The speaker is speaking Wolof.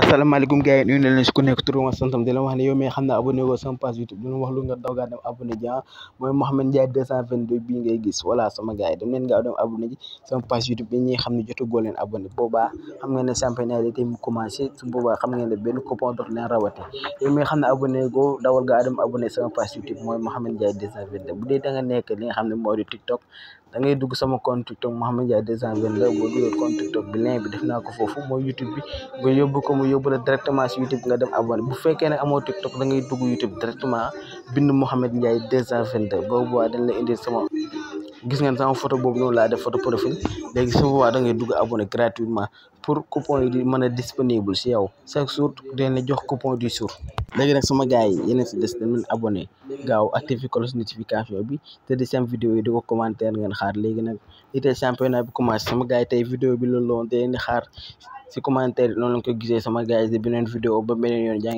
asalaamaaleykum gars yi nuyu na leen si ku nekk turam ak santam di la wax ne yow mi xam naa abonné woo sama page YouTube dina wax lu nga daw gaa dem abonné ji ah mooy Mouhamed Ndiaye 222 bii ngay gis voilà sama gars yi dem leen gaaw dem abonné ji sama page YouTube bi ñi xam ne jotagoo leen abonné boobaa xam ngeen ne championnat yi tey mu commencé su boobaa xam ngeen ne benn coupon dootu leen rawate yow mi xam ne abonné goo dawal gaa dem abonné sama page YouTube mooy Mouhamed Ndiaye 222 bu dee da nga nekk li nga xam ne moo di TikTok da ngay dugg sama compte TikTok Mouhamed Ndiaye 222 boo duggee compte TikTok bi lien bi def naa ko foofu mooy YouTube bi nga yóbbu ko yóbbu la directement si YouTube nga dem abonné bu fekkee ne amoo TikTok da ngay YouTube directement bind Mouhamed Ndiaye 222 boobu waa dañ la indil sama. gis ngeen sama photo boobu noonu laa def photo profil léegi su boobaa da ngay dugg abonné gratuitement pour coupon yi di mën a disponible si yow chaque jour dañ la jox coupon du jour. léegi nag sama gars yi yéen si des dañ leen abonné gaaw activé cloche notification bi te di seen vidéo yi di ko commentaire ngeen xaar léegi nag li tey championnat bi commencé sama gars yi tey vidéo bi loolu la woon te leen di xaar si commentaire yi noonu lañ gisee sama gars yi di beneen vidéo ba beneen yoon